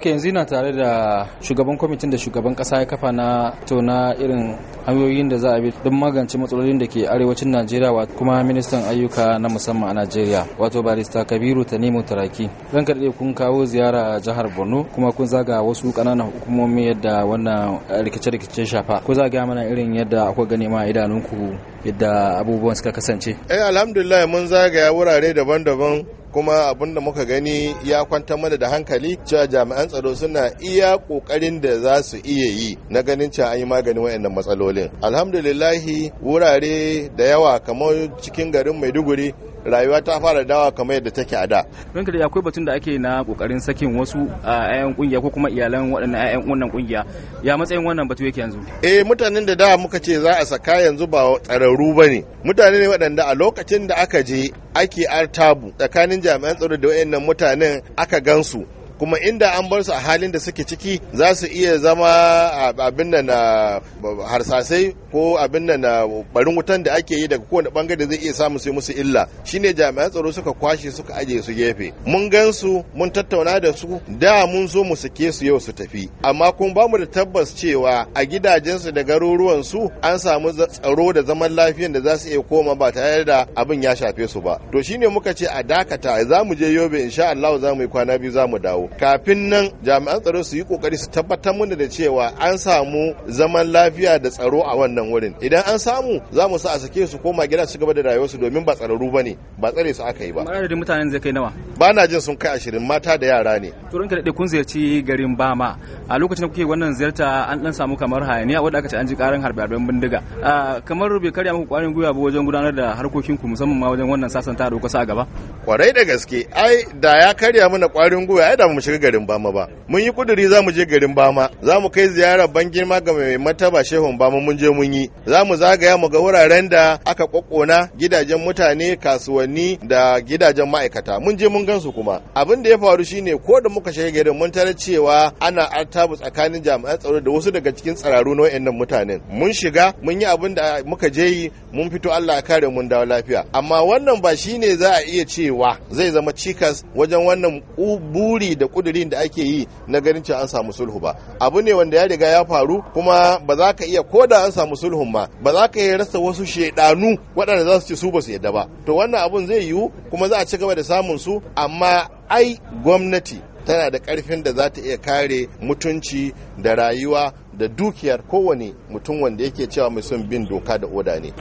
Okay, yanzu na tare da shugaban kwamitin da shugaban kasa ya kafa na to irin hanyoyin da za a bi don magance matsalolin da ke arewacin Najeriya wa kuma ministan ayyuka na musamman a Najeriya wato barista Kabiru Tanimu Taraki. Zan karɗe kun kawo ziyara jihar Borno kuma kun zaga wasu kananan hukumomi yadda wannan rikice-rikice shafa. Ko za gaya mana irin yadda akwai gani ma idanunku yadda abubuwan suka kasance. Eh alhamdulillah mun zagaya wurare daban-daban kuma abin da muka gani ya kwanta mana da hankali cewa jami'an tsaro suna iya kokarin da za su iya yi na ganin cewa an yi maganin wayannan matsalolin alhamdulillahi wurare da yawa kamar cikin garin maiduguri rayuwa ta fara dawa kamar yadda take a da. Ranka da akwai batun da ake na kokarin sakin wasu a 'ya'yan kungiya ko kuma iyalan waɗannan 'ya'yan wannan kungiya. Ya matsayin wannan batu yake yanzu? Eh mutanen da da muka ce za a saka yanzu ba tsararru ba ne. Mutane ne waɗanda a lokacin da aka je ake artabu tsakanin jami'an tsaro da wayannan mutanen aka gansu kuma inda an bar su a halin da suke ciki za su iya zama abin da na harsasai ko abin da na barin wutan da ake yi daga kowane bangare zai iya samu sai musu illa shine jami'an tsaro suka kwashe suka aje su gefe mun gan su mun tattauna da su da mun zo mu sake su yau su tafi amma kun bamu da tabbas cewa a gidajensu da garuruwan su an samu tsaro da zaman lafiyan da za su iya koma ba tare da abin ya shafe su ba to shine muka ce a dakata za mu je yobe insha Allah za mu yi kwana biyu za mu dawo kafin nan jami'an tsaro su yi kokari su tabbatar mana da cewa an samu zaman lafiya da tsaro a wannan wurin idan an samu za mu sa a sake su koma gida su gaba da rayuwarsu domin ba tsararru ba ne ba tsare su aka yi ba adadin mutanen zai kai nawa ba na jin sun kai ashirin mata da yara ne turan ka kun ziyarci garin bama a lokacin da kuke wannan ziyarta an dan samu kamar hayaniya wanda aka ce an ji karin harbe harben bindiga kamar bai karya muku kwarin gwiwa ba wajen gudanar da harkokin ku musamman ma wajen wannan sasanta da kuka a gaba kwarai da gaske ai da ya karya mana kwarin gwiwa ai da mu mu shiga garin Bama ba. Mun yi kuduri za mu je garin Bama, za mu kai ziyara ban girma ga mai mataba shehun Bama mun je mun yi. Za mu zagaya mu ga wuraren da aka kokkona gidajen mutane, kasuwanni da gidajen ma'aikata. Mun je mun gansu kuma. Abin da ya faru shine ko da muka shiga garin mun tarar cewa ana artabu tsakanin jami'an tsaro da wasu daga cikin tsararru na wayannan mutanen. Mun shiga mun yi abin da muka je yi mun fito Allah ya kare mun dawo lafiya. Amma wannan ba shine za a iya cewa zai zama cikas wajen wannan buri da kudirin da ake yi na ganin cewa an samu sulhu ba abu ne wanda ya riga ya faru kuma ba za ka iya koda an samu sulhun ma ba za ka iya rasa wasu shaidanu waɗanda za su ce su ba su yadda ba to wannan abun zai yiwu kuma za a ci gaba da samun su amma ai gwamnati tana da ƙarfin da za ta iya kare mutunci da rayuwa da dukiyar kowane mutum wanda yake cewa mai son bin doka da oda ne